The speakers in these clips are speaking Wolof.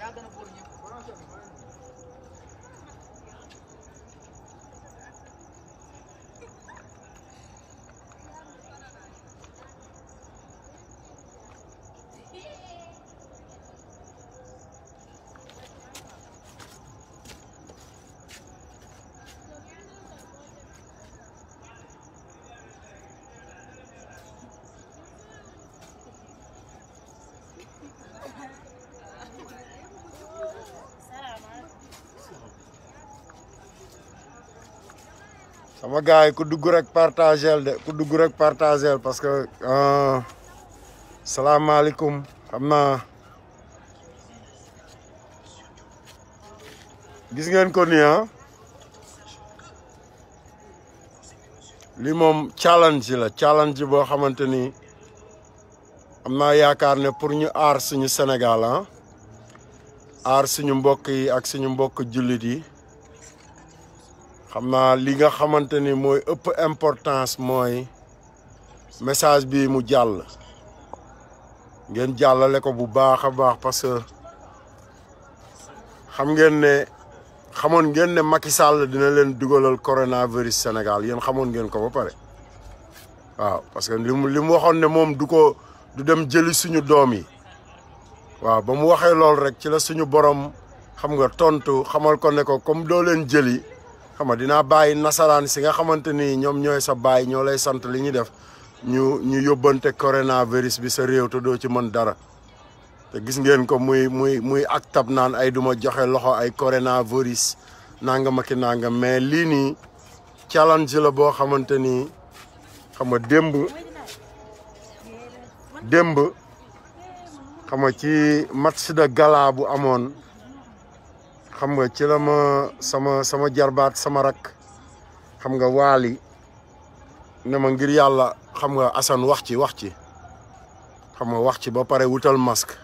yaa gën a boole ñëpp sama gars ku dugg rek partagel de ku dugg rek partagel parce que euh, salaamaaleykum xam naa gis ngeen ko nii ah lii moom challenge la challenge boo xamante ni am naa yaakaar ne pour ñu aar suñu senegal ah aar suñu mbokk yi ak suñu mbokk jullit yi xam naa li nga xamante ni mooy ëpp importance mooy message bi mu jàll ngeen jàllale ko bu baax a baax parce que xam ngeen ne xamoon ngeen ne Macky Sall dina leen dugalal coronavirus Sénégal yéen xamoon ngeen ko ba pare waaw parce que li mu waxoon ne moom du ko du dem jëli suñu doom yi waaw ba mu waxee lool rek ci la suñu borom xam nga tontu xamal ko ne ko comme doo leen jëli xama nga dinaa bàyyi nasaraan si nga xamante ni ñoom ñooy sa baay ñoo lay sant li ñuy def ñu ñu yóbbante coronavirus bi sa réew te doo ci mën dara te gis ngeen ko muy muy muy ak tab naan ay duma joxe loxo ay coronavirus nangam ak nangam mais lii nii challenge la boo xamante ni xam nga démb démb xam nga ci match de gala bu amoon xam nga ci la ma sama sama jarbaat sama rak xam nga waali ne ngir yàlla xam nga Assane wax ci wax ci xam nga wax ci ba pare wutal masque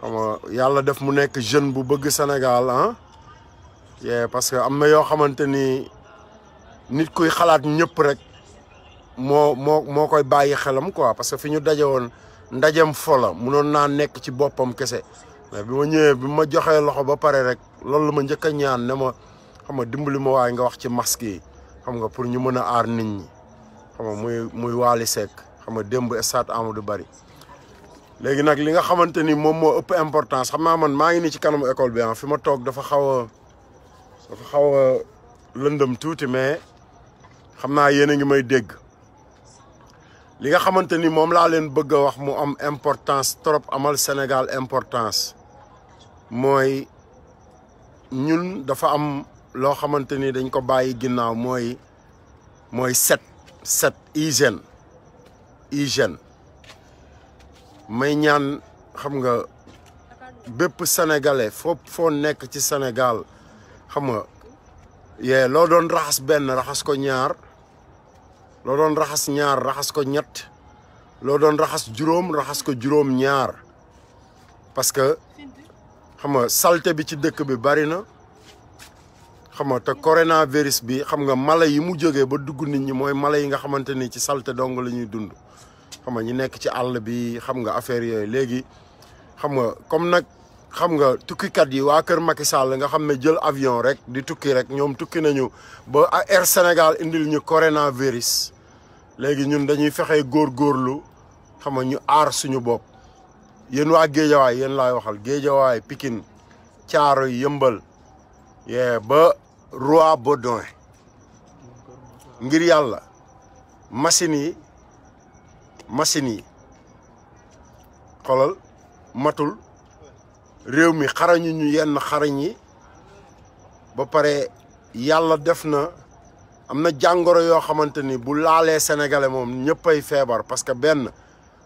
xam yàlla def mu nekk jeune bu bëgg Sénégal ah yee parce que am na yoo xamante ni nit kuy xalaat ñëpp rek moo moo moo koy bàyyi xelam quoi parce que fi ñu daje woon ndajem fola munoon naa nekk ci boppam kese mais bi ma ñëwee bi ma joxee loxo ba pare rek loolu la ma njëkk a ñaan ne ma xam ma dimbali ma waay nga wax ci masque yi xam nga pour ñu mën a aar nit ñi xam nga muy muy Waly Seck xam nga démb stade Amadou Barry léegi nag li nga xamante ni moom moo ëpp importance xam naa man maa ngi nii ci kanamu école bi ah fi ma toog dafa xaw a dafa xaw a lëndëm tuuti mais xam naa yéen a ngi may dégg li nga xamante ni moom laa leen bëgg a wax mu am importance trop amal Sénégal importance mooy ñun dafa am loo xamante ni dañ ko bàyyi ginnaaw mooy mooy set set hygiène hygiène may ñaan xam nga bépp sénégalais foo foo nekk ci Sénégal xam nga yee loo doon raxas benn raxas ko ñaar loo doon raxas ñaar raxas ko ñett loo doon raxas juróom raxas ko juróom ñaar parce xam nga salte bi ci dëkk bi bari na xam nga te coronavirus bi xam nga mala yi mu jóge ba dugg nit ñi mooy mala yi nga xamante ni ci salte dong la ñuy dund xam nga ñi nekk ci àll bi xam nga affaire yooyu léegi xam nga comme nag xam nga tukkikat yi waa kër Macky Sall nga xam ne jël avion rek di tukki rek ñoom tukki nañu ba Air Sénégal indil ñu coronavirus léegi ñun dañuy fexe góorgóorlu xam nga ñu aar suñu bopp yéen waa géejawaay yéen laay waxal géejawaay Pikine caaro yëmbal ba Roi Baudouin ngir yàlla machine yi machine yi xolal matul réew mi xarañu ñu yenn xarañ yi ba pare yàlla def na am na jàngoro yoo xamante ni bu laalee sénégalais moom ñëppay feebar parce que benn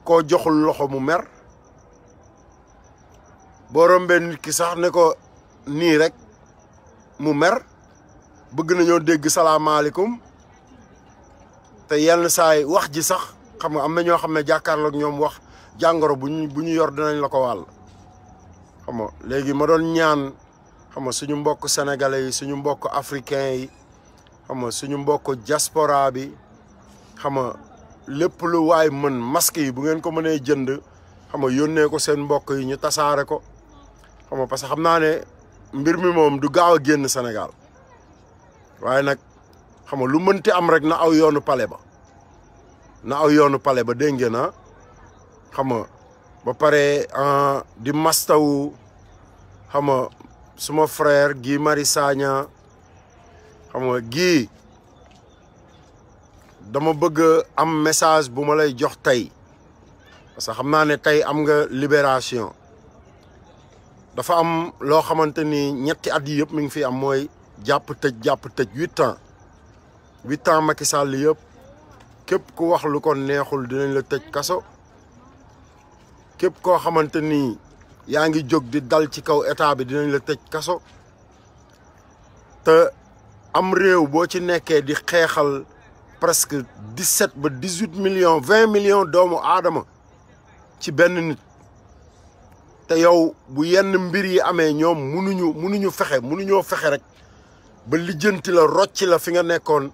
koo joxul loxo mu mer boo rombee nit ki sax ne ko nii rek mu mer bëgg nañoo dégg salaamaaleykum te yenn saay wax ji sax xam nga am na ñoo xam ne jàkkaarloog ñoom wax jàngoro bu ñu bu ñu yor dinañ la ko wàll xam nga léegi ma doon ñaan xam nga suñu mbokk sénégalais yi suñu mbokk africain yi xam suñu mbokk diaspora bi xam nga lépp lu waay mën masque yi bu ngeen ko mënee jënd xam nga yónnee ko seen mbokk yi ñu tasaare ko xam nga que xam naa ne mbir mi moom du gaaw a génn Sénégal waaye nag xam nga lu mënti am rek na aw yoonu pale ba na aw yoonu pale ba dégg na ah? xam nga ba pare ah, di mastawu xam nga suma frère gi Marius Sagna xam nga Guy dama bëgg am message bu ma lay jox tey parce que xam naa ne tey am nga libération dafa am loo xamante ni ñetti at yi yëpp mi ngi fi am mooy jàpp tëj jàpp tëj huit ans huit ans Macky Sall yëpp képp ku wax lu ko neexul dinañ la tëj kaso képp koo xamante ni yaa ngi jóg di dal ci kaw état bi dinañ la tëj kaso te am réew boo ci nekkee di xeexal presque dix-sept ba dix-huit million vingt million doomu aadama ci benn nit te yow bu yenn mbir yi amee ñoom munuñu munuñu fexe munuñoo fexe rek ba lijjanti la la fi nga nekkoon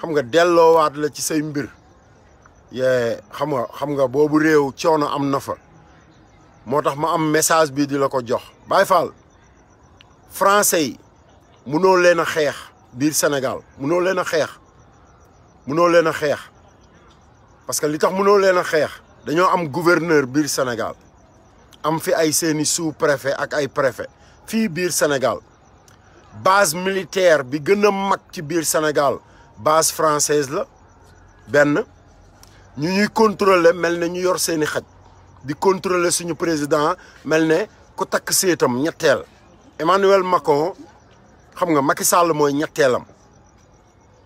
xam nga delloowaat la ci say mbir yee xam nga xam nga boobu réew coono am na fa moo tax ma am message bii di la ko jox Baye Fall français yi munoo leen a xeex biir Sénégal munoo leen a xeex munoo leen a xeex parce que li tax munoo leen a xeex dañoo am gouverneur biir Sénégal am fi ay seeni sous préfet ak ay préfet fii biir Sénégal base militaire bi gën a mag ci biir Sénégal base française la benn ñu ñuy contrôler mel ne ñu yor seeni xaj di contrôler suñu président mel ne ku takk seetam ñetteel Emmanuel Macron xam nga Macky Sall mooy ñetteelam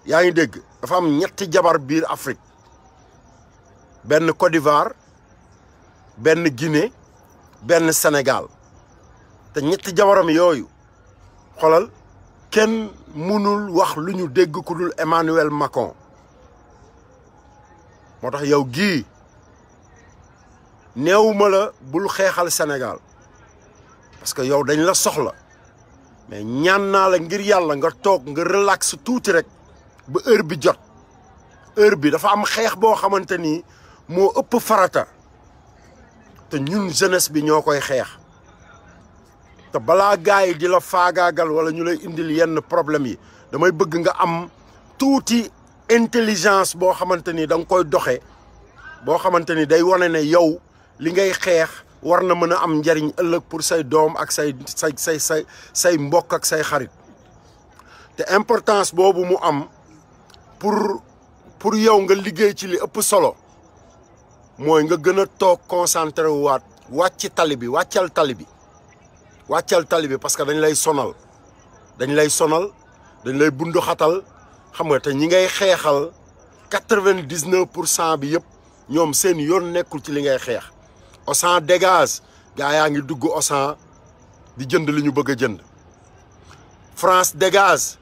yaa ngi dégg dafa am ñetti jabar biir Afrique benn Côte d'Ivoire benn Guinée benn senegal te ñetti jabaram yooyu xolal kenn mënul wax lu ñu dégg ko dul Emmanuel Macron moo tax yow gii neewuma la bul xeexal Sénégal parce que yow dañu la soxla mais ñaan naa la ngir yàlla nga toog nga relax tuuti rek ba heure bi jot heure bi dafa am xeex boo xamante ni moo ëpp farata te ñun jeunesse bi ñoo koy xeex te balaa gars yi di la faagaagal wala ñu lay indil yenn problème yi damay bëgg nga am tuuti intelligence boo xamante ni da nga koy doxe boo xamante ni day wane ne yow li ngay xeex war na mën a am njariñ ëllëg pour say doom ak say say say say say mbokk ak say xarit te importance boobu mu am pour pour yow nga liggéey ci li ëpp solo mooy nga gën a toog concentré waat wàcc tali bi wàccal tali bi wàccal tali bi parce que dañ lay sonal dañ lay sonal dañ lay bunduxatal xam nga te ñi ngay xeexal quatre-vingt-dix-neuf pour cent bi yëpp ñoom seen yoon nekkul ci li ngay xeex Auchan dégage gaa yaa ngi dugg Auchan di jënd li ñu bëgg a jënd France dégage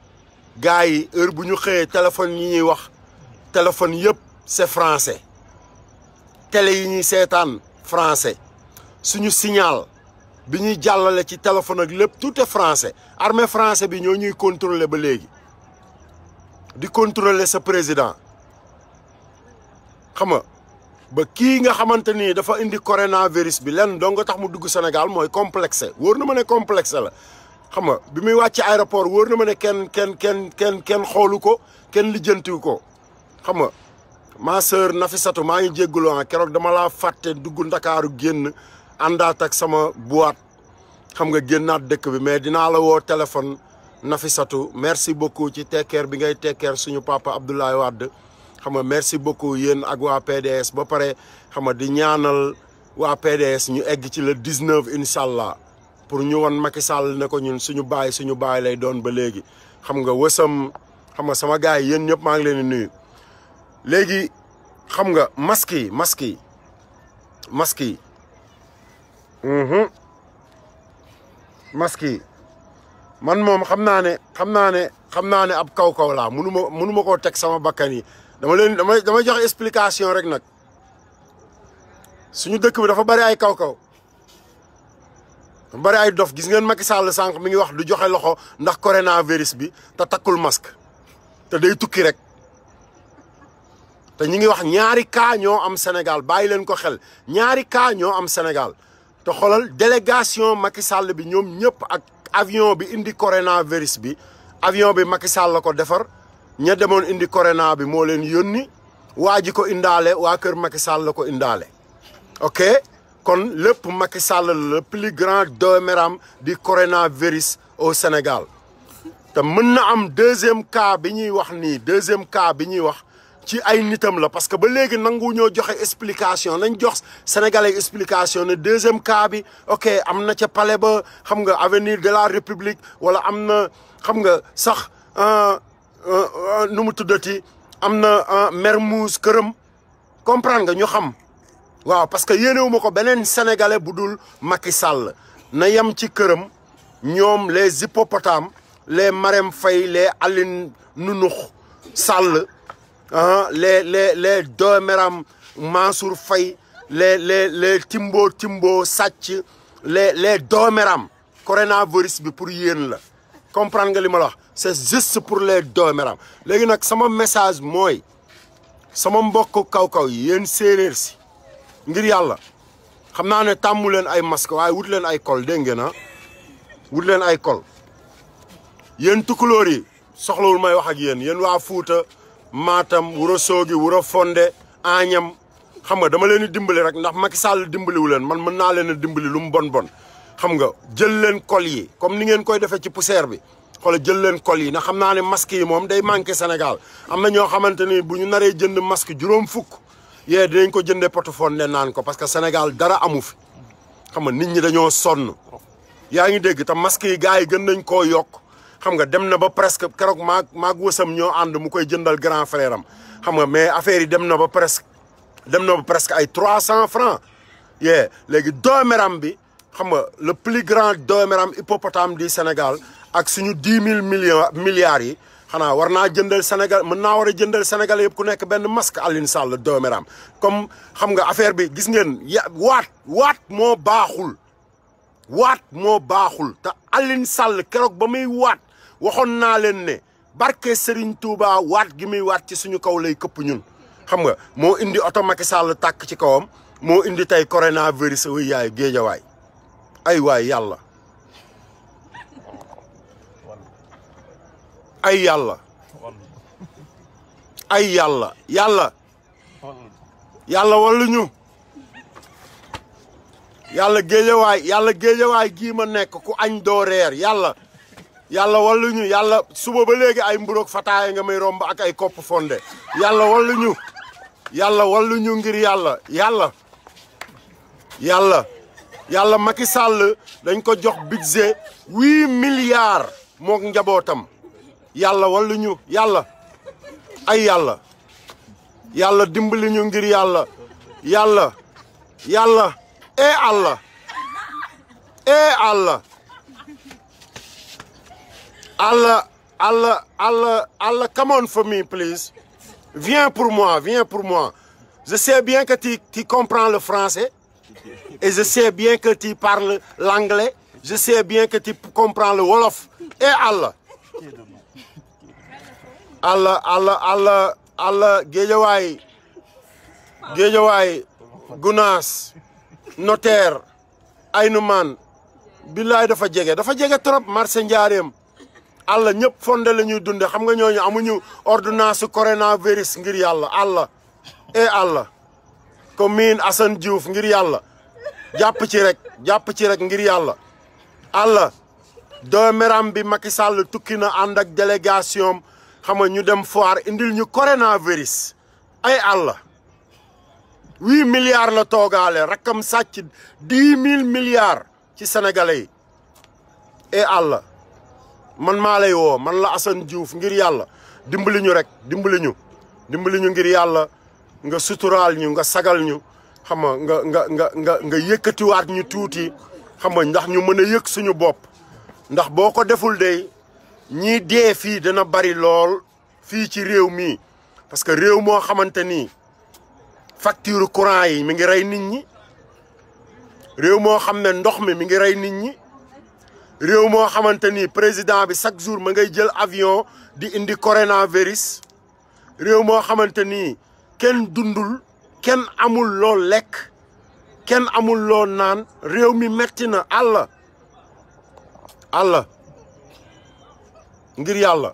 gars yi heure bu ñu xëyee téléphone yi ñuy wax téléphone yëpp c'est français tele yi ñuy seetaan français suñu signal bi ñuy jàllale ci téléphone ak lépp tout est français armée français bi ñoo ñuy contrôler ba léegi di contrôler sa président xam nga ba kii nga xamante ni dafa indi coronavirus bi lenn dong nga tax mu dugg Sénégal mooy complexe wóor na ma ne complexe la xam nga bi muy wàcc aéroport wóor na ma ne kenn kenn kenn kenn kenn xoolu ko kenn lijjantiwu ko xam nga. ma sœur Nafissatou maa ngi jégalu ah keroog dama laa fàtte dugg ndakaaru génn àndaat ak sama boîte xam nga génnaat dëkk bi mais dinaa la woo téléphone Nafissatou merci beaucoup ci tekkeer bi ngay tekkeer suñu papa Abdoulaye Wade xam nga merci beaucoup yéen ak waa PDS ba pare xam nga di ñaanal waa PDS ñu egg ci le 19 incha allah pour ñu won Macky Sall ne ko ñun suñu baay suñu baay lay doon ba léegi xam nga wësam xam nga sama gars yi yéen ñëpp maa ngi leen di nuyu. léegi xam nga masque yi maski yi masque mhm. man moom xam naa ne xam naa ne xam naa ne ab kaw-kaw laa munu ma koo teg sama bakkan yi dama leen dama dama jox explication rek nag suñu dëkk bi dafa bari ay kaw-kaw dafa bari ay dof gis ngeen Macky Sall sànq mi ngi wax du joxe loxo ndax coronavirus bi te takkul mask te day tukki rek te ñu ngi wax ñaari cas ñoo am Sénégal bàyyi leen ko xel ñaari cas ñoo am Sénégal te xoolal délégation Macky Sall bi ñoom ñëpp ak avion bi indi coronavirus bi avion bi Macky Sall ko defar ña demoon indi corona bi moo leen yónni waa ji ko indaale waa kër Macky Sall la ko indaale ok kon lépp Macky Sall le plus grand doméram du coronavirus au Sénégal te mën na am deuxième cas bi ñuy wax ni deuxième cas bi ñuy wax ci ay nitam la parce que ba léegi nangu ñoo joxe explication nañ jox sénégalais explication ne deuxième cas bi ok am na ca pale ba xam nga avenir de la république wala am na xam nga sax euh, euh, euh, nu mu tuddati am na Mermoz këram comprendre nga ñu xam waaw parce que yéenewuma ko beneen sénégalais bu dul maki Sall na yem ci këram ñoom les hippopotames les Marème fay les Aline Nunux Sall ah les les les dooméram Mansour Faye les les les Timbo Timbo sàcc les les dooméram coronavirus bi pour yéen la comprendre nga li ma la wax c'est juste pour les dooméram léegi nag sama message mooy sama mbokk kaw-kaw yi yéen séeréer si ngir yàlla xam naa ne tàmmu leen ay masque waaye wut leen ay col dégg ngeen ah? wut leen ay col yéen tukulóor yi soxlawul may wax ak yéen yéen waa Fuuta Matam Wuro Soogi Wuro Fonde Agnam xam nga dama leen di dimbali rek ndax Macky Sall dimbaliwu leen man mën naa leen a dimbali lu mu bon bon xam nga jël leen col yi comme ni ngeen koy defee ci poussière bi xoolal jëleen leen yi ndax xam naa ne masque yi moom day manqué Sénégal am na ñoo xamante ni bu ñu naree jënd masque juróom fukk yee dinañ ko jëndee portefeuille ne naan ko parce que Sénégal dara amu fi xam nga nit ñi dañoo sonn yaa ngi dégg te masque yi gars yi gën nañ koo yokk xam nga dem na ba presque keroog ma maag wësam ñoo ànd mu koy jëndal grand frère xam nga mais affaire yi dem na ba presque dem na ba presque ay trois cent francs yee léegi dooméram bi xam nga le plus grand dooméram hippopotame du Sénégal ak suñu dix mille millions milliards yi xanaa war naa jëndal Sénégal mën naa war a jëndal Sénégal yëpp ku nekk benn masque Alioune Sall dooméram comme xam nga affaire bi gis ngeen ya waat waat moo baaxul waat moo baaxul te Alioune Sall keroog ba muy waat waxoon naa leen ne barke sëriñ tuuba waat gi muy waat ci suñu kaw lay këpp ñun. xam nga moo indi oto Macky Sall tàkk ci kawam moo indi tey coronavirus wuy yaay géejawaay ay waay yàlla ay yàlla ay yàlla yàlla yàlla walluñu yàlla géejawaay yàlla géejawaay gii ma nekk ku añ doo reer yàlla yàlla walluñu yàlla suba ba léegi ay mburoog fataaya nga may romb ak ay kopp fonde yàlla walluñu yàlla walluñu ngir yàlla yàlla yàlla yàlla Macky Sall dañ ko jox budget huit milliards mook njabootam yàlla walluñu yàlla ay yàlla yàlla dimbali ñu ngir yàlla yàlla yàlla e àlla e àlla Allah, Allah, Allah, Allah, come on for me, Viens pour moi, viens pour moi. Je sais bien que tu, tu comprends le français. Et je sais bien que tu parles l'anglais. Je sais bien que tu comprends le Wolof. Et Allah. Allah, Allah, Allah, Allah, Guéjawaï. Guéjawaï, Gounas, dafa jege dafa jege trop marché njaareem àlla ñëpp fonde la ñuy dunde xam nga ñooñu amuñu ordonnance coronavirus ngir yàlla àll e àll commune Assane Diouf ngir yàlla jàpp ci rek jàpp ci rek ngir yàlla àll doomeram bi Macky Sall tukki na ànd ak délégation xam nga ñu dem foire indil ñu coronavirus ay e àll huit milliards la toogaale rakkam sàcc dix mille milliards ci sénégalais yi e àll man maa lay woo man la Assane Diouf ngir yàlla dimbali ñu rek dimbali ñu dimbali ñu ngir yàlla nga suturaal ñu nga sagal ñu xam nga nga nga nga nga yëkkatiwaat ñu tuuti xam nga ndax ñu mën a yëg suñu bopp ndax boo ko deful day ñii dee fii dana bari lool fii ci réew mii parce que réew moo xamante ni facture courant yi mi ngi rey nit ñi réew moo xam ne ndox mi mi ngi rey nit ñi réew moo xamante ni président bi chaque jour ma ngay jël avion di indi coronavirus réew moo xamante ni kenn dundul kenn amul loo lekk kenn amul loo naan réew mi metti na àll àll ngir yàlla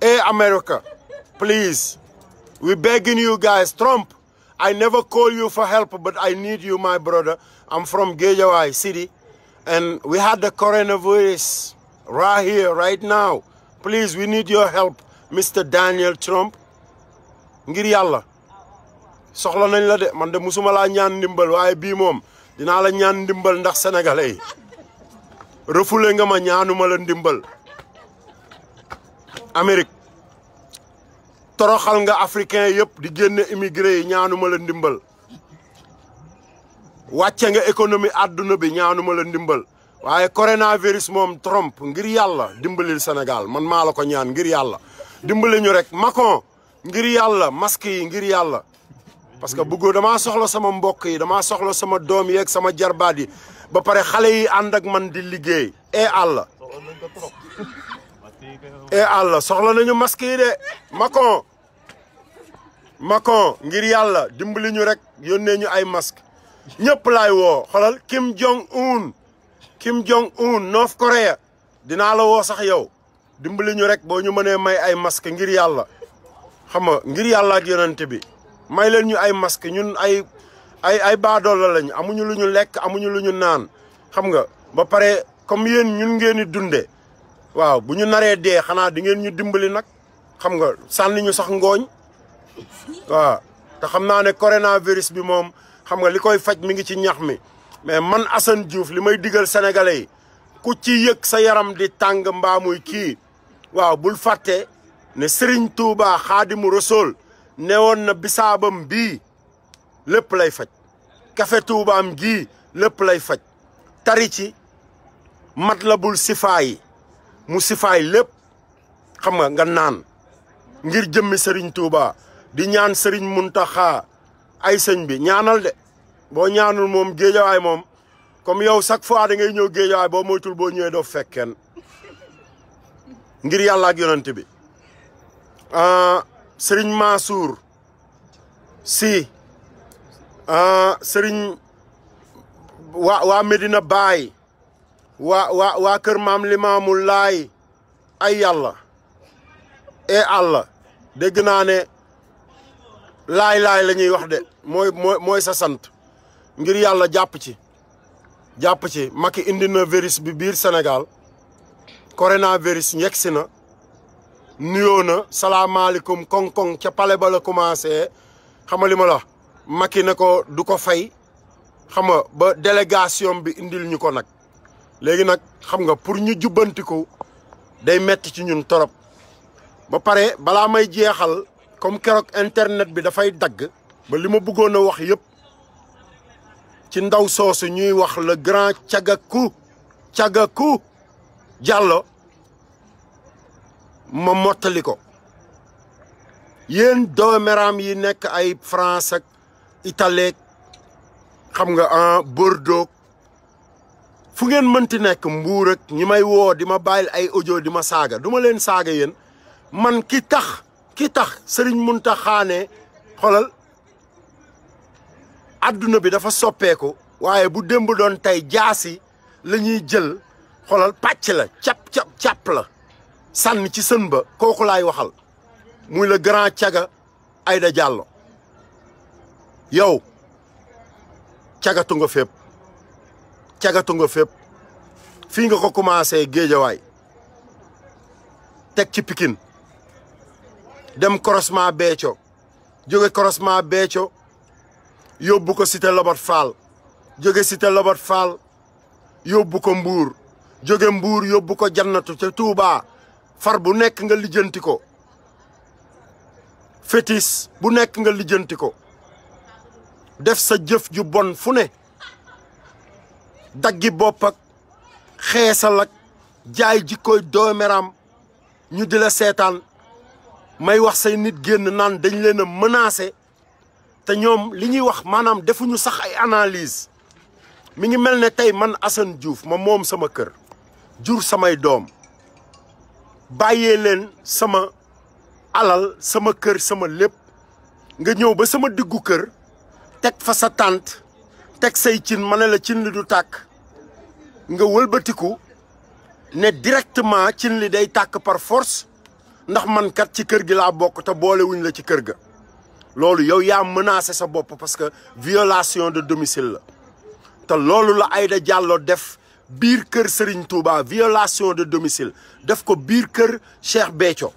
eh America please we begging you guys Trump I never call you for help but I need you my brother I'm from Guédiawaye city and we had the coronavirus right here, right now. Please, we need your help, Mr. Daniel Trump. ngir yàlla soxla nañ la de man de musuma laa ñaan ndimbal waaye bii moom dinaa la ñaan ndimbal ndax senegal yi rëfule nga ma ñaanuma la ndimbal Amérique toroxal nga africain yëpp di génne immigré yi ñaanuma la ndimbal wàcce nga économie àdduna bi ñaanuma la ndimbal waaye coronavirus moom Trump ngir yàlla dimbalil Sénégal man maa la ko ñaan ngir yàlla dimbali ñu rek Macron ngir yàlla masque yi ngir yàlla parce que bëggoo damaa soxla sama mbokk yi damaa soxla sama doom yeeg sama jarbaat yi ba pare xale yi ànd ak man di liggéey e àlla e àlla soxla nañu masque yi de Macron Macron ngir yàlla dimbali ñu rek yónnee ñu ay masque ñëpp laay woo xoolal Kim Jong Un Kim Jong Un dinaa la woo sax yow dimbali ñu rek boo ñu mënee may ay masque ngir yàlla xam nga ngir yàlla ak yonente bi may leen ñu ay masque ñun ay ay baadoole baadoola lañ amuñu lu ñu lekk amuñu lu ñu naan xam nga ba pare comme yéen ñun ngeen di dunde waaw bu ñu naree dee xanaa di ngeen ñu dimbali nag xam nga sànni ñu sax ngooñ waaw te xam naa ne coronavirus bi moom xam nga li koy faj mi ngi ci ñax mi mais man Assane Diouf li may digal sénégalais yi ku ci yëg sa yaram di tàng mbaamuy kii waaw bul fàtte ne Serigne Touba Xaadimu Rasuul ne woon na bisaabam bii lépp lay faj kafe Toubaam gii lépp lay faj tari ci mat la bul sifaayi mu sifaay lépp xam nga nga naan ngir jëmmi Serigne Touba di ñaan sëriñ Muntaxa ay sëñ bi ñaanal de boo ñaanul moom géejawaay moom comme yow chaque fois da ngay ñëw géejawaay boo moytul boo ñëwee doo fekk ngir yàlla ak bi ah, sëriñ Mansour si ah, sëriñ waa waa Medina Baay waa waa waa kër maam Limaamu Laay ay yàlla e àlla dégg naa laay laay lañuy wax de mooy mooy mooy sa sant ngir yàlla jàpp ci jàpp ci Macky indi na virus bi biir Sénégal coronavirus yegg si na nuyoo na salaamaaleykum koŋ ca pale ba la commencé xam nga li ma la Macky ne ko du ko fay xam nga ba délégation bi indil ñu ko nag léegi nag xam nga pour ñu jubbantiku day metti ci ñun torop ba pare balaa may jeexal comme keroog internet bi dafay dagg ba li ma bëggoon a wax yépp ci ndaw soosu ñuy wax la grand cagaku cagaku jàllo ma mottali ko yéen doomeraam yi nekk ay France ak Italie xam nga en ah, Bordeaux fu ngeen mënti nekk mbuur ak ñi may woo di ma bàyyil ay ojo di ma saaga duma leen saaga yéen man ki tax ki tax sëriñ Muntaxa xaane xolal àdduna bi dafa soppeeku waaye bu démb doon tey jaasi la ñuy jël xolal pàcc la cap cap cap la sànn ci sën ba kooku laay waxal muy le grand caga Aïda jàllo yow cagatu nga fépp cagatu nga fépp fii nga ko commencé géejawaay teg ci pikin dem croisement Béthio jóge croisement Béthio yóbbu ko cité Lobat Fall jóge cité Lobat Fall yóbbu ko mbuur jóge Mbour yóbbu ko jannatu ca Touba far bu nekk nga lijjanti ko fétis bu nekk nga lijjanti ko def sa jëf ju bon fu ne daggi bopp xeesal ak jaay jikkooy doomeram ñu di la seetaan may wax say nit génn naan dañ leen a menacer te ñoom li ñuy wax maanaam defuñu sax ay analyse mi ngi mel ne tey man Assane Diouf ma moom sama kër jur samay doom bàyyee leen sama alal sama kër sama lépp nga ñëw ba sama diggu kër teg fa sa tànt teg say cin ma ne la cin li du tàkk nga wëlbatiku ne directement cin li day tàkk par force ndax mankat ci kër gi laa bokk te boolewuñu la ci kër ga loolu yow yaa menacé sa bopp parce que violation de domicile la te loolu la ayda jàlloo def biir kër Serigne Touba violation de domicile def ko biir kër Cheikh Béthio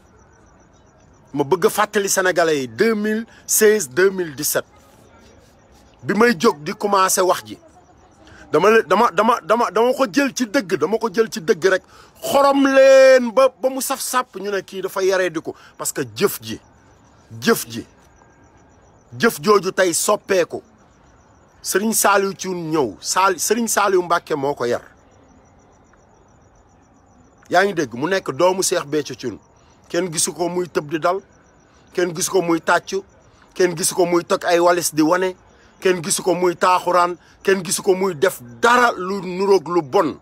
ma bëgg a fàttali sénégalais yi 2016 2017 bi may jóg di commencé wax ji dama dama dama dama dama ko jël ci dëgg dama ko jël ci dëgg rek xorom leen ba mu saf sàpp ñu ne kii dafa yaree di ko parce que jëf ji jëf ji jëf jooju tey soppeeku sëriñ Saaliw ci ñëw saal sëriñ Saaliw Mbàkke moo ko yar yaa ngi dégg mu nekk doomu Seex Béthio Thioune kenn gisu ko muy tëb di dal kenn gisu ko muy tàccu kenn gisu ko muy toj ay walis di wane kenn gisu ko muy taaxuraan kenn gisu ko muy def dara lu nuroog lu bon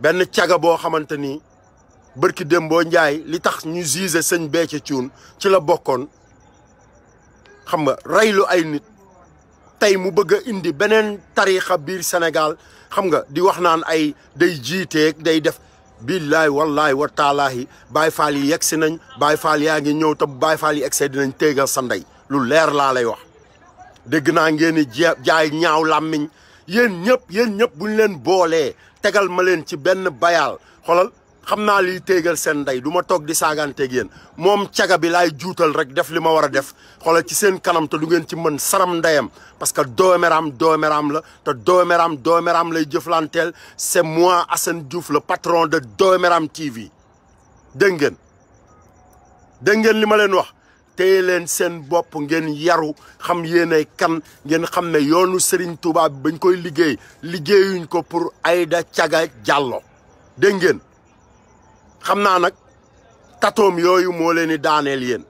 benn caga boo xamante ni bërki Dembo Njaay li tax ñu juge sañ Béthio Thioune ci la bokkoon xam nga reylu ay nit tey mu bëgg a indi beneen tariixa biir senegal xam nga di wax naan ay day jiiteeg day def billaay wallaay wa taalaahi Baay Faal yi yegg si nañ Baay Faal yaa ngi ñëw te Baay Faal yi egg dinañ téegal sa ndey lu leer laa lay wax dégg naa ngeen ni jaay ñaaw làmmiñ yéen ñëpp yéen ñëpp bu ñu leen boolee tegal ma leen ci benn bayaal xolal xam naa liy téegal seen ndey duma toog di saaganteeg yéen moom caga bi laay juutal rek def li ma war a def xoolal ci seen kanam te du ngeen ci mën saram ndeyam parce que doomeraam doomeram la te doomeraam doomeraam lay jëflanteel c'est moi Assane Diouf la patron de doomeraam TV dégg ngeen dégg ngeen li ma leen wax téye leen seen bopp ngeen yaru xam yéenay kan ngeen xam ne yoonu Serigne Touba bi bañ koy liggéey liggéeyuñ ko pour Aïda Thiaga Diallo dégg ngeen xam naa nag tatoom yooyu moo leen di daaneel yéen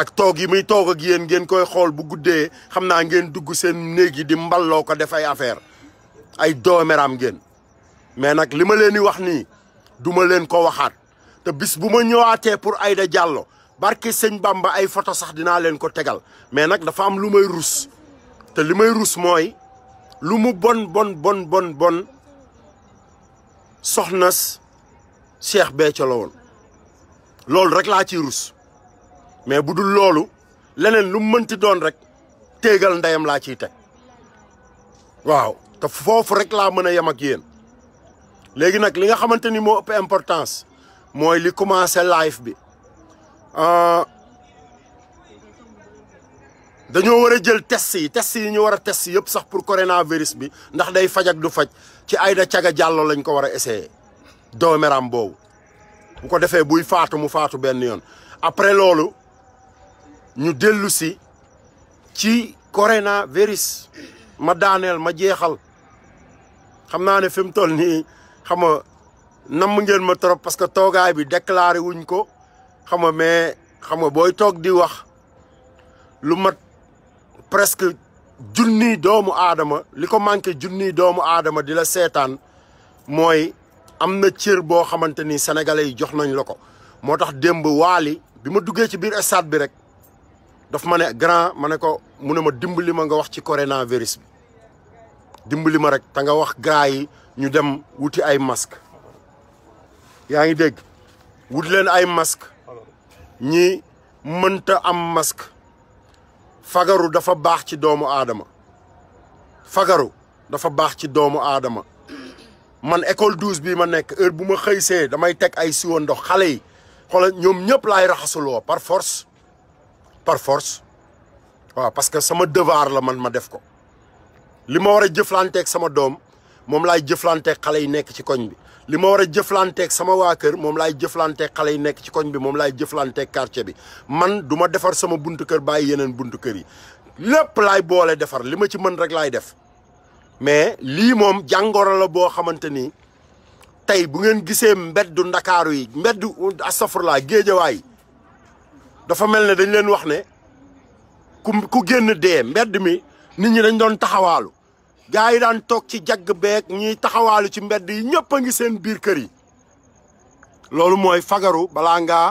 ak toog yi muy toog ak yéen ngeen koy xool bu guddee xam naa ngeen dugg seen néegi di mballoo ko defay ay affaire ay doomeram ngeen mais nag li ma leen di wax ni duma leen ko waxaat te bis bu ma ñëwaatee pour Aïda Diallo barke sëñ ba ay photo sax dinaa leen ko tegal mais nag dafa am lu may rus te li may rus mooy lu mu bon bon bon bon bon soxnas Cheikh Béthio woon loolu rek laa ciy rus mais bu dul loolu leneen lu mënti doon rek téegal ndeyam laa ciy teg waaw te foofu rek laa mën a yem ak yéen léegi nag li nga xamante ni moo ëpp importance mooy li commencé layf bi Euh, dañoo war a jël test yi test yi ñu war a test yëpp sax pour coronavirus bi ndax day faj ak du faj ci Aïda caga jàlloo lañ ko war a essayer dooméram boobu bu ko defee buy faatu mu faatu benn yoon après loolu ñu dellu si ci coronavirus ma daaneel ma jeexal xam naa ne fi mu toll nii xam nga namm ngeen ma trop parce que toogaay bi déclaré wuñ ko xam nga mais xam nga booy toog di wax lu mat presque junni doomu aadama li ko manqué junni doomu aadama di la seetaan mooy am na cër boo xamante ni sénégalais yi jox nañ la ko. moo tax démb waali bi ma duggee ci biir stade bi rek daf ma ne grand ma ne ko mu ne ma dimbali ma nga wax ci coronavirus bi dimbali ma rek te nga wax gars yi ñu dem wuti ay masque yaa ngi dégg wut leen ay masque ñi mënta am masque fagaru dafa baax ci doomu aadama fagaru dafa baax ci doomu aadama man école douze bii ma nekk heure bu ma xëysee damay teg ay siwo ndox xale yi xoolal ñoom ñëpp laay raxasuloo par force par force waaw parce que sama devoir la man ma def ko li ma war a jëflanteek sama doom moom lay jëflanteeg xale yi nekk ci koñ bi li ma war a jëflanteek sama waa kër moom laay jëflanteeg xale yi nekk ci koñ bi moom laay jëflanteeg quartier bi man duma defar sama buntu kër bàyyi yeneen buntu kër yi lépp laay boole defar li ma ci mën rek laay def mais lii moom jàngoro la boo xamante ni tey bu ngeen gisee mbeddu ndakaaru yi mbeddu astafurlaa géejawaay dafa mel ne dañ leen wax ne ku ku génn dee mbedd mi nit ñi dañ doon taxawaalu gaa yi daan toog ci jagg beeg ñiy taxawaalu ci mbedd yi ñëpp a ngi seen biir kër yi loolu mooy fagaru balaa ngaa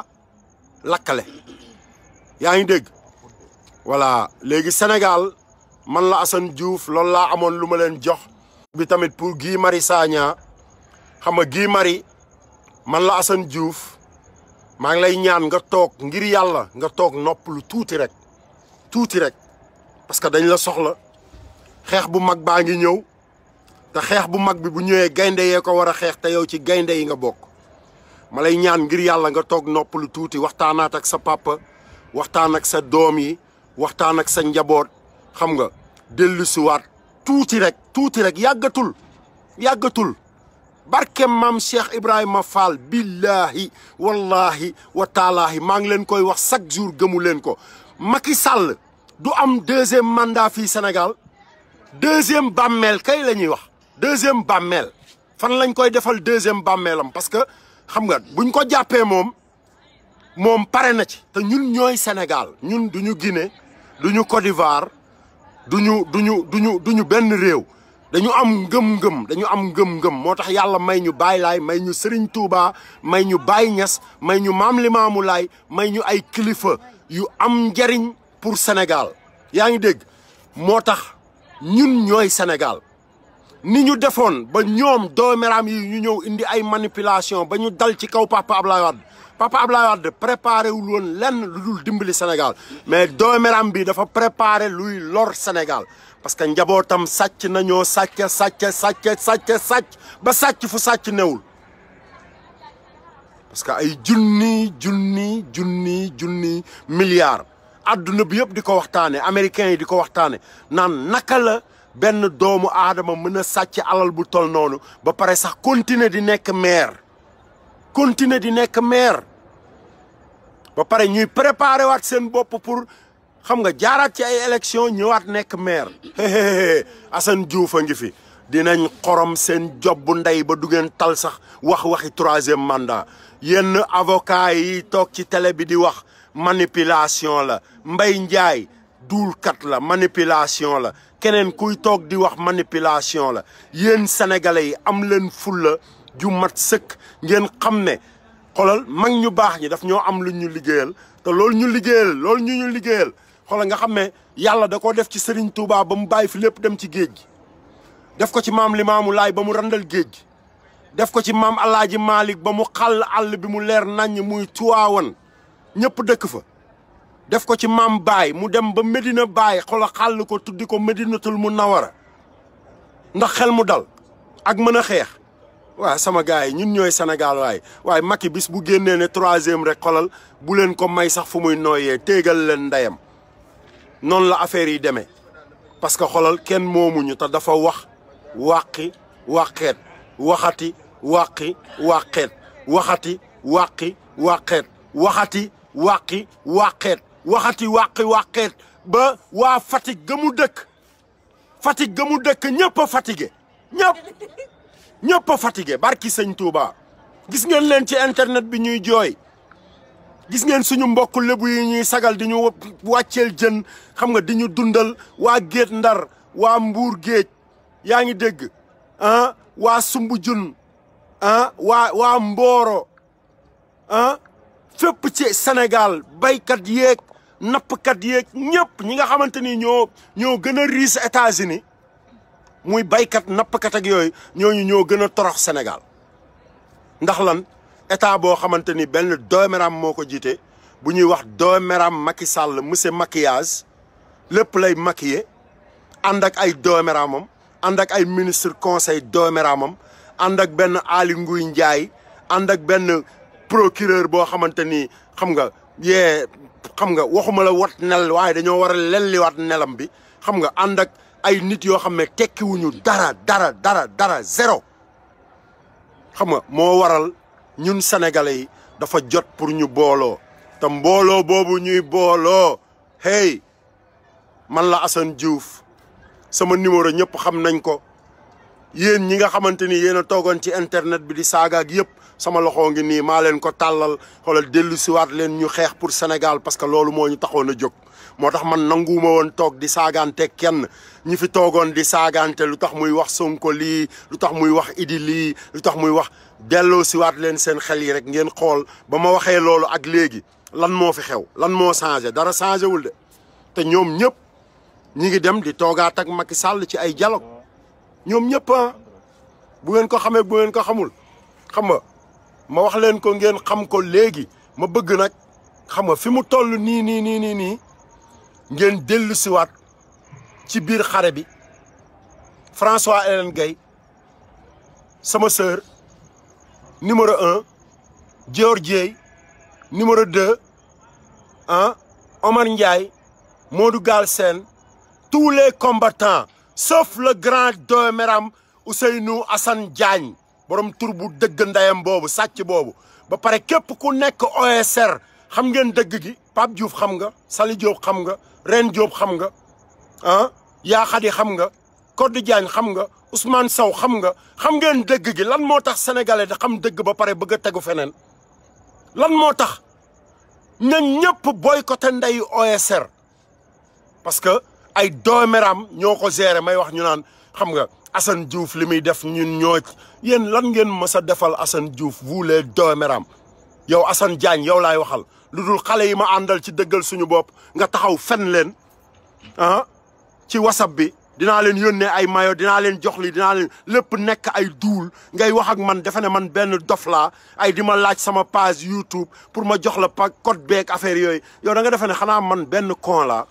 lakkale yaa ngi dégg voilà léegi senegal man la Assane Diouf loolu laa amoon lu ma leen jox bi tamit pour Guy Marius Sagna xam nga Guy man la Assane Diouf maa ngi lay ñaan nga toog ngir yàlla nga toog nopp lu tuuti rek tuuti rek parce que dañ la soxla xeex bu mag baa ngi ñëw te xeex bu mag bi bu ñëwee gaynde yee ko war a xeex te yow ci gaynde yi nga bokk malay ñaan ngir yàlla nga toog noppalu tuuti waxtaanaat ak sa papa waxtaan ak sa doom yi waxtaan ak sa njaboot xam nga dellusiwaat tuuti rek tuuti rek yàggatul yàggatul barke maam Cheikh Ibrahima Fall billahi wallahi wa taalaahi maa ngi leen koy wax chaque jour gëmu leen ko Macky Sall du am deuxième mandat fii senegal deuxième bàmmeel kay lañuy wax deuxième bàmmeel fan lañ koy defal deuxième bàmmeelam parce que xam nga buñ ko jàppee moom moom pare na ci te ñun ñooy Sénégal ñun du ñu Guinée du ñu Côte d'Ivoire du ñu du ñu benn réew dañu am ngëm-ngëm am ngëm-ngëm moo tax yàlla may ñu Baay may ñu Sëriñ Tuubaa may ñu Baay Ñas may ñu Maam Limaamu Laay may ñu ay kilifa yu am njariñ pour Sénégal yaa ngi dégg moo tax ñun ñooy Sénégal ni ñu defoon ba ñoom doomeraam yi ñu ñëw indi ay manipulation ba ñu dal ci kaw Papa Abdoulaye Wade Papa Abdoulaye Wade préparé woon lenn lu dul dimbali Sénégal mais doomeraam bi dafa préparé luy lor Sénégal parce que njabootam sàcc nañoo sàcc sàcc sàcc sàcc sàcc ba sàcc fu sàcc newul parce que ay junni junni junni junni milliards àdduna bi yëpp di ko waxtaane américains yi di ko waxtaane naan naka la benn doomu aadama mën a sàcc alal bu tol noonu ba pare sax continuer di nekk maire continuer di nekk maire ba pare ñuy préparer waat seen bopp pour xam nga jaaraat ci ay élection ñëwaat nekk maire Assane Diouf a ngi fi dinañ xorom seen job bu ndey ba du tal sax wax waxi troisième mandat yenn avocat yi toog ci tele bi di wax manipulation la Mbaye Ndiaye duulkat la manipulation la keneen kuy toog di wax manipulation la yéen sénégalais yi am leen fulla ju mat sëkk ngeen xam ne xoolal mag ñu baax ñi daf ñoo am lu ñu liggéeyal te loolu ñu liggéeyal loolu ñu ñu liggéeyal xoolal nga xam ne yàlla da koo def ci Serigne Touba ba mu bàyyi fi lépp dem ci géej gi def ko ci maam Limaamu Laay ba mu randal géej def ko ci maam Alaaji Malick ba mu xàll àll bi mu leer naññ muy tuwaawan ñëpp dëkk fa def ko ci maam baay mu dem ba Medina baay xola xàll ko tuddi ko Medinatul Munawara ndax xel mu dal ak mën a xeex waa sama gars yi ñun ñooy Sénégal waaye waaye Macky bis bu génnee ne troisième rek xolal bu leen ko may sax fu muy nooyee téegal leen ndeyam noonu la affaire yi demee parce que xolal kenn moomuñu te dafa wax wàqi wàqeet waxati wàqi wàqeet waxati wàqi wàqeet waxati wàqi wàqeet waxati wàqi wàqeet ba waa Fatick ga mu dëkk Fatick ga mu dëkk ñëpp a fatigué ñëpp ñëpp a barki sëñ Touba gis ngeen leen ci internet bi ñuy jooy gis ngeen suñu mbokk lébu yi ñuy sagal di ñu wàcceel jën xam nga di ñu dundal waa Géet Ndar waa Mbuur Géej yaa ngi dégg ah, waa Sumbu Jun ah, waa waa Mbooro ah, fépp ci Sénégal baykat yeeg nappkat yeeg ñëpp ñi nga xamante ni ñoo ñoo gën a riis États-Unis muy baykat nappkat ak yooyu ñooñu ñoo gën a torox Sénégal ndax lan état boo xamante ni benn dooméram moo ko jiite bu ñuy wax dooméram Macky Sall monsieur maquillage lépp lay maquiller ànd ak ay dooméramam ànd ak ay ministre conseil dooméramam ànd ak benn Aly nguy njaay ànd ak benn procureur boo xamante ni xam nga yee xam nga waxuma la wat nel waaye dañoo waral a lelli wat nelam bi xam nga ànd ak ay nit yoo xam ne tekkiwuñu dara dara dara dara zéro xam nga moo waral ñun sénégalais yi dafa jot pour ñu booloo te mbooloo boobu ñuy booloo hey man la Assane Diouf sama numéro ñëpp xam nañ ko yéen ñi nga xamante ni yéen a toogoon ci internet bi di saagaak yëpp sama loxo ngi nii maa leen ko tàllal xoolal dellu siwaat leen ñu xeex pour Sénégal parce que loolu moo ñu taxoon a jóg moo tax man nanguuma woon toog di saagante kenn ñu fi toogoon di saagante lu tax muy wax Sonko lii lu tax muy wax Idi lii lu tax muy wax delloo siwaat leen seen xel yi rek ngeen xool ba ma waxee loolu ak léegi lan moo fi xew lan moo changé dara changé wul de te ñoom ñëpp ñi ngi dem di toogaat ak Macky sàll ci ay dialogue ñoom ñëpp ah. bu ngeen ko xamee bu ngeen ko xamul xam nga ma wax leen ko ngeen xam ko léegi ma bëgg nag xam nga fi mu toll nii nii nii nii nii ngeen dellu ci biir xare bi François Hélène Gueye sama sœur numéro un Georgie numéro deux ah Omar Ndiaye Modou Gal Sène tous les combattants sauf le grand doméram Ousseynou Assane Diagne borom tur bu dëgg ndayam boobu sàcc boobu ba pare képp ku nekk OSR xam ngeen dëgg gi Pape Diouf xam nga Sali Diop xam nga Ren jóob xam nga ah Yaa Khady xam nga Codé Diagne xam nga Ousmane saw xam nga xam ngeen dëgg gi lan moo tax sénégalais da xam dëgg ba pare bëgg a tegu feneen lan moo tax ñun ñëpp boycotté nday OSR parce que ay doomeram ñoo ko géré may wax ñu naan xam nga Assane Diouf li muy def ñun ñoo yéen lan ngeen mës a defal Assane Diouf vous les dooméram yow Assane Diagne yow laay waxal lu dul xale yi ma àndal ci dëggal suñu bopp nga taxaw fen leen ah ci whatsapp bi dinaa leen yónnee ay mayo dinaa leen jox li dinaa leen lépp nekk ay duul ngay wax ak man defe ne man benn dof laa ay di ma laaj sama page YouTube pour ma jox la pa code beeg affaire yooyu yow da nga defe ne xanaa man benn con laa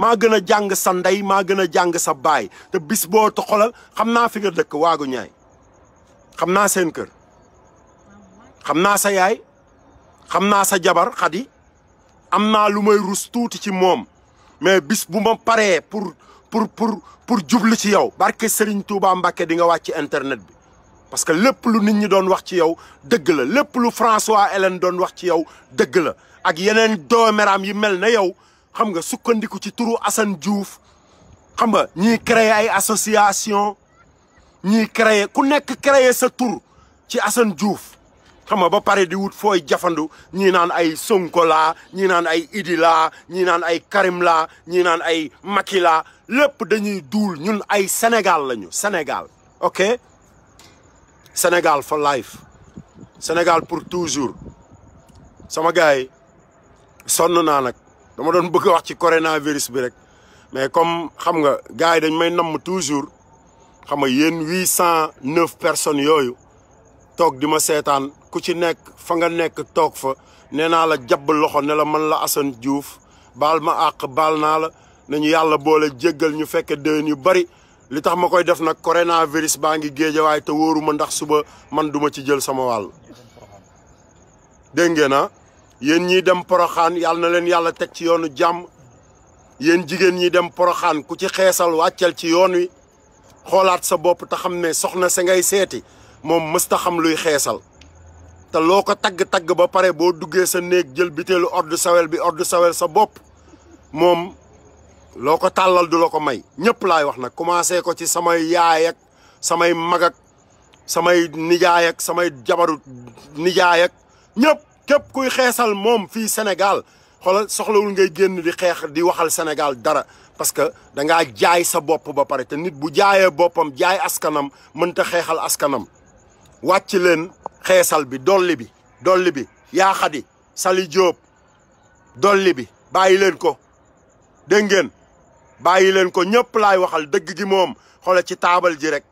maa gën a jàng sa ndey maa gën a jàng sa baay te bis boo to xolal xam naa fi nga dëkk waagu ñaay xam naa seen kër xam naa sa yaay xam naa sa jabar xadi am naa lu may ruus tuuti ci moom mais bis bu ma paree pour pour pour pour jublu ci yow barke Serigne Touba Mbacke di nga wàcc ci internet bi parce que lépp lu nit ñi doon wax ci yow dëgg la lépp lu François Hélène doon wax ci yow dëgg la ak yeneen doomeraam yi mel na yow xam nga sukkandiku ci turu assan Diouf xam nga ñiy créer ay association ñiy créer ku nekk créer sa ci Assane Diouf xama ba pare di wut fooy jafandu ñii naan ay Sonko laa ñii naan ay Idi laa ñii naan ay Karim laa ñii naan ay Macky laa lépp dañuy duul ñun ay Sénégal lañu Sénégal ok Sénégal for life Sénégal pour toujours sama gars yi sonn naa nag dama doon bëgg wax ci coronavirus bi rek mais comme xam nga gars yi dañ may namm toujours xam nga yéen huit cent personnes yooyu toog di ma seetaan ku ci nekk fa nga nekk toog fa nee naa la jàpp loxo ne la man la Assane Diouf baal ma àq baal naa la nañu yàlla boole jéggal ñu fekk déwén yu bari li tax ma koy def nag coronavirus baa ngi géejawaay te wóoruma ndax suba man duma ci jël sama wàll dégg na ah? yéen ñiy dem poroxaan yàlla na leen yàlla teg ci yoonu jàmm yéen jigéen ñi dem poroxaan ku ci xeesal wàccel ci yoon wi xoolaat sa bopp te xam ne soxna sa ngay seeti moom mësta xam luy xeesal te loo ko tagg-tagg ba pare boo duggee sa néeg jël biteelu eau de Javel bi eau sa bopp moom loo ko tàllal du la ko may ñëpp laay wax nag commencé ko ci samay yaayak samay mag ak samay nijaayak samay jabaru nijaayak ñépp képp kuy xeesal moom fii Sénégal xoolal soxlawul ngay génn di xeex di waxal Sénégal dara parce que danga jaay sa bopp ba pare te nit bu jaayee boppam jaay askanam mën mënta xeexal askanam wàcc leen xeesal bi dolli bi dolli bi yaa xadi sali jóob dolli bi bàyyi leen ko dégg ngeen bàyyi leen ko ñëpp laay waxal dëgg gi moom xoole ci taabal ji rek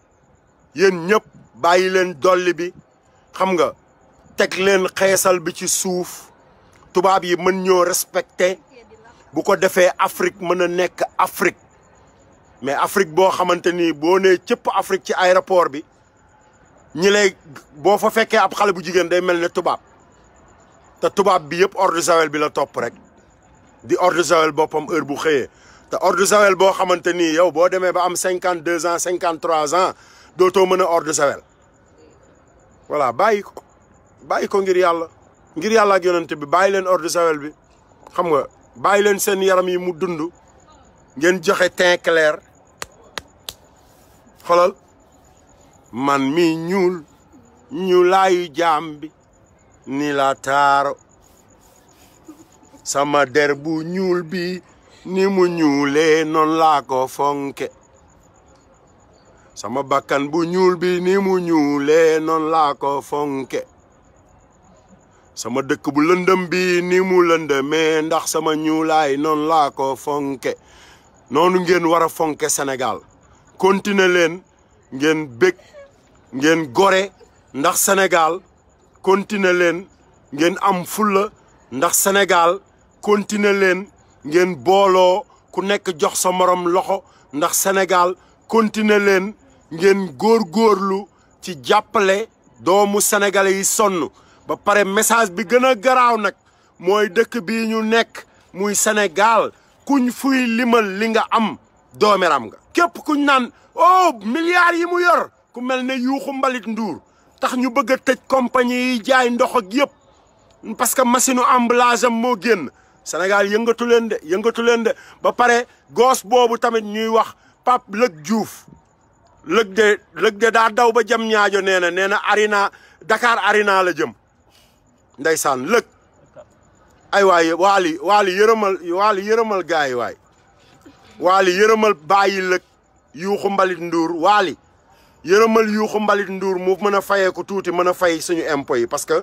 yéen ñëpp bàyyi leen dolli bi xam nga teg leen xeesal bi ci suuf tubaab yi mën ñoo respecté bu ko defee Afrique mën a nekk Afrique mais Afrique boo xamante ni boo nee cëpp Afrique ci aéroport bi ñi lay boo fa fekkee ab xale bu jigéen day mel ne tubaab te tubaab bi yëpp Hors bi la topp rek di Hors boppam heure bu xëyee te Hors boo xamante ni yow boo demee ba am cinquante deux ans cinquante trois ans dootoo mën a Hors de Javel voilà bàyyi ko bàyyi ko ngir yàlla ngir yàlla ak yonent bi bàyyi leen Hors de bi xam nga. bàyyi seen yaram yi mu dundu ngeen joxe teint clair man mi ñuul ñu laayu jaam bi ni la taaro sama der bu ñuul bi ni mu ñuulee noonu laa ko fonke sama bakkan bu ñuul bi ni mu ñuulee noonu laa ko fonke sama dëkk bu lëndëm bi ni mu lëndëmee ndax sama ñuulaay noonu laa ko fonke noonu ngeen war a fonke senegal continuer leen ngeen bég ngeen gore ndax senegal continuer leen ngeen am fulla ndax Sénégal continuer leen ngeen booloo ku nekk jox sa morom loxo ndax senegal continuer leen ngeen góor góorgóorlu ci jàppale doomu sénégalais yi sonn ba pare message bi gën a garaaw nag mooy dëkk bi ñu nekk muy Sénégal kuñ fuy limal li nga am doomeram nga képp kuñ naan oh milliards yi mu yor ku mel ne yuuxu mbalit nduur tax ñu bëgg a tëj compagnie yi jaay ndox ak yëpp parce que machine emballage am moo génn Sénégal yëngatu leen de yëngatu de ba pare goos boobu tamit ñuy wax Pape Lëg juuf Lëg de Lëg de daa daw ba jam ñaajo nee na nee na Arena Dakar Arena la jëm ndeysaan lëg ay waay waali waali yërëmal waali yërëmal gars yi waay waali yërëmal bàyyi lëg yuuxu mbalit nduur waali yërëmal yuuxu mbalit nduur mu mën a fayee ko tuuti mën a fay suñu impôt yi parce que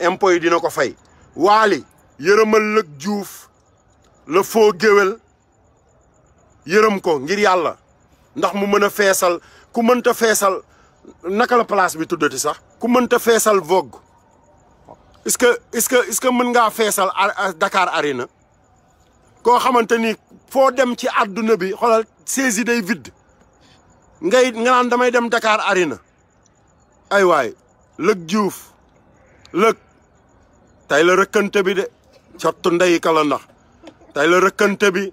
impôt yi dina ko fay waali yërëmal lëg juuf la foo géwél yërëm ko ngir yàlla ndax mu mën a feesal ku mënta feesal naka la place bi tuddati sax ku mënta feesal vogue est-ce que est-ce que est que mën ngaa feesal Dakar Arena koo xamante ni foo dem ci àdduna bi xoolal saisi day vide ngay nga naan damay dem Dakar Arena ay waay lëg juuf lëg tey la rëkkante bi de cottu ndey ka la ndax tey la rëkkante bi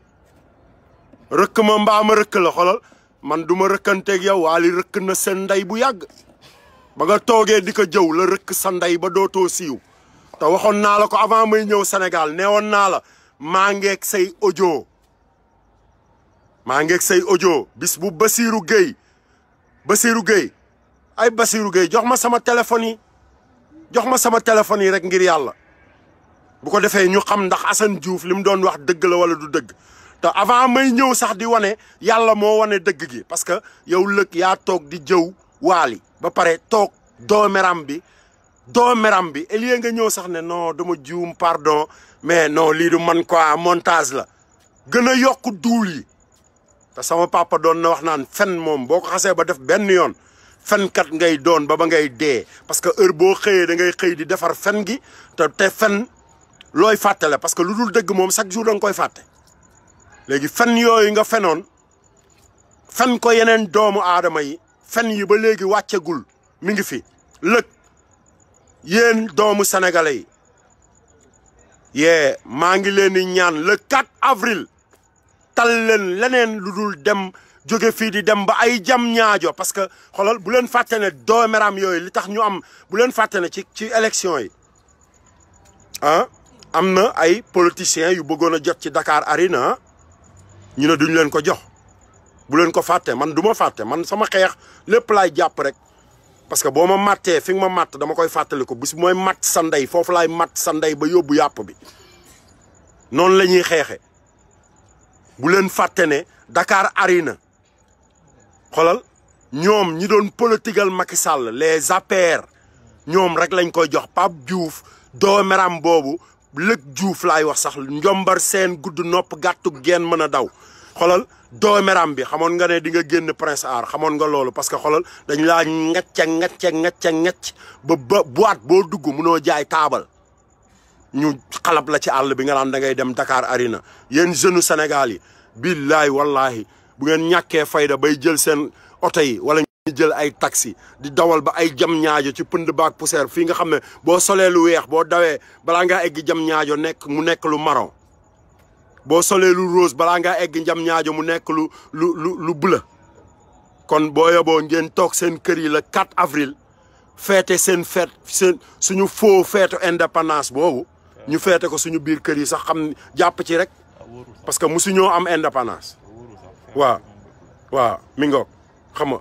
rëkk ma mbaama rëkk la xoolal man duma ma rëkkanteeg yow waali rëkk na seen ndey bu yàgg ba nga toogee di ko jëw la rëkk sa ndey ba dootoo siiw te waxoon naa la ko avant may ñëw Sénégal neewoon naa la maa ngeeg say audio maa ngeeg say audio bis bu Basirou Gueye Basirou Gueye ay Basirou Gueye jox ma sama téléphone yi jox ma sama téléphone yi rek ngir yàlla bu ko defee ñu xam ndax Assane Diouf li mu doon wax dëgg la wala du dëgg te avant may ñëw sax di wane yàlla moo wane dëgg gi parce que yow lëg yaa toog di jëw waali ba pare toog doomeram bi doo meram bi elie nga ñëw sax ne noo dama juum pardon mais non lii du man quoi montage la gën a yokk duul yi te sama papa doon na wax naan fen moom boo ko xasee ba def benn yoon fenkat ngay doon ba ba ngay dee parce que heure boo xëyee da ngay xëy di defar fen gi te te fen looy fàtte la parce que lu dul dëgg moom chaque jour da koy fàtte léegi fen yooyu nga fenoon fen ko yeneen doomu aadama yi fen yi ba léegi wàccegul mi ngi fi lëg yéen doomu sénégalais yi yee maa ngi leen di ñaan le 4 avril tal leneen lu dul dem jóge fii di dem ba ay jam ñaajo parce que xoolal bu leen fàtte ne dooméram yooyu li tax ñu am bu leen fàtte ne ci ci élection yi ah am na ay politiciens yu bëggoon a jot ci Dakar Arena ñu ne duñ leen ko jox bu leen ko fàtte man du ma fàtte man sama xeex lépp laay jàpp rek parce que boo ma mattee fi nga ma màtt dama koy ko bis mooy màtt sa ndey foofu laay màtt sa ndey ba yóbbu yàpp bi noonu la ñuy xeexe bu leen fàtte ne Dakar ari na xoolal ñoom ñi doon politigal Macky Sall les APR ñoom rek lañ koy jox Pape Diouf doomeram boobu lëg Diouf laay wax sax njombar seen gudd nopp gàttu geen mën a daw xoolal doomeram bi xamoon nga ne di nga génn prince aar xamoon nga loolu parce que xolal dañu laa ngacca ngacca ngacca ngacc ba ba boîte boo dugg munoo jaay taabal ñu xalab la ci àll bi nga naan da ngay dem Dakar Arena yéen jeunes Sénégal yi billaay wallahi bu ngeen ñàkkee fayda bay jël seen oto yi wala ñu jël ay taxi di dawal ba ay jam ñaajo ci pënd baak poussière fii nga xam ne boo solee lu weex boo dawee balaa ngaa egg jam ñaajo nekk mu nekk lu marron boo solee lu rose balaa ngaa egg njam ñaajo mu nekk lu lu lu lu bula kon boo yoboo ngeen toog seen kër yi la 4 avril feete seen feet seen suñu foo feetu indépendance boobu ñu feete ko suñu biir kër yi sax xam jàpp ci rek parce que ñoo am indépendance waaw waaw mi ngoog xam nga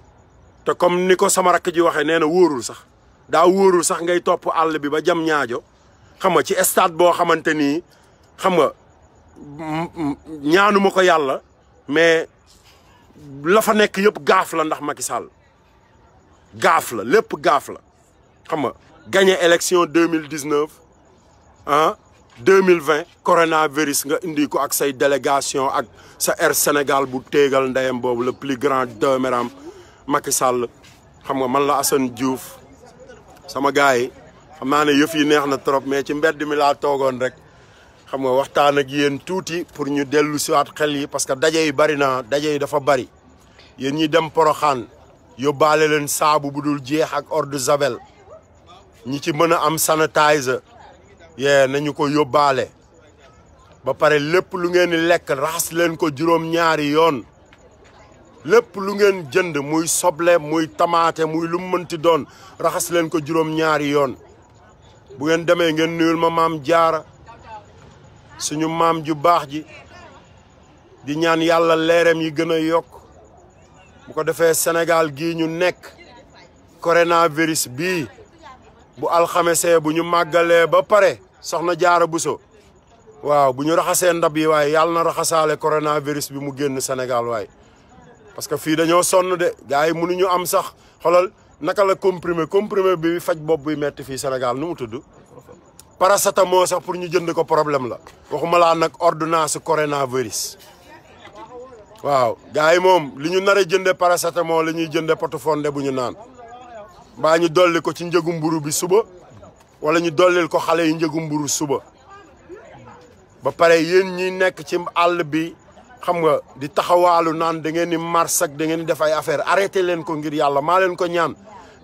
te comme ni ko sama rakk ji waxee nee na wóorul sax daa wóorul sax ngay topp àll bi ba jam ñaajo xam nga ci stade boo xamante nii xam nga ñaanuma ko yàlla mais la fa nekk yëpp gaaf la ndax Macky Sall gaaf la lépp gaaf la xam nga gagné élection deux mille dix neuf ah deux mille vingt coronavirus nga indi ko ak say délégation ak sa Air Sénégal bu tégal ndeyam boobu le plus grand dooméram Macky Sall xam nga man la Assane Diouf sama gars yi xam naa ne yëf yi neex na trop mais ci mbedd mi laa toogoon rek xam nga waxtaan ak yéen tuuti pour ñu dellu siwaat xel yi parce que daje yi bari naa daje yi dafa bari yéen ñi dem poroxaan yóbbaale leen saabu bu dul jeex ak eau de ci mën a am sanitizer yee nañu ko yóbbaale ba pare lépp lu ngeen di lekk raxas leen ko juróom-ñaari yoon lépp lu ngeen jënd muy soble muy tamaate muy lu mënti doon raxas leen ko juróom-ñaari yoon bu ngeen demee ngeen nuyul ma maam jaara suñu maam ju baax ji di ñaan yàlla leeram yi gën a yokk bu ko defee senegal gii ñu nekk coronavirus bi bu alxamesee bu ñu màggalee ba pare soxna jaara buso waaw bu ñu raxasee ndab yi waaye yàlla na raxasaale coronavirus bi mu génn senegal waaye parce que fii dañoo sonn de gars yi mënuñu am sax xolal naka la comprimé comprimé bi faj bopp buy metti fii senegal nu mu tudd paracetamol sax pour ñu jënd ko problème la waxuma laa nag ordonnance coronavirus waaw gars yi moom li ñu nar a jënde paracetamol la ñuy jënde potofonde bu ñu naan mbaa ñu dolli ko ci njëgu mburu bi suba wala ñu dollil ko xale yi njëgu mburu suba ba pare yéen ñi nekk ci àll bi xam nga di taxawaalu naan da ngeen di mars ak da ngeen di def affaire arrêté leen ko ngir yàlla maa leen ko ñaan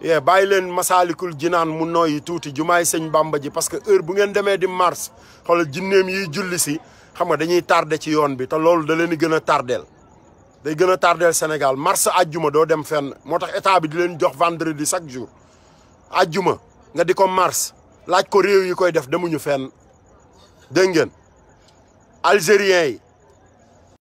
yee bàyyi leen masaalikul jinaan mu nooyi tuuti jumaa jumaay sëñ bamba ji parce que heure bu ngeen demee di mars xoolal jinneem yiy julli si xam nga dañuy tardé ci yoon bi te loolu da leen di gën a tardeel day gën a tardeel Sénégal mars ajjuma doo dem fenn moo tax état bi di leen jox vendredi chaque jour ajjuma nga di ko mars laaj ko réew yi koy def demuñu fenn dégg ngeen algériens yi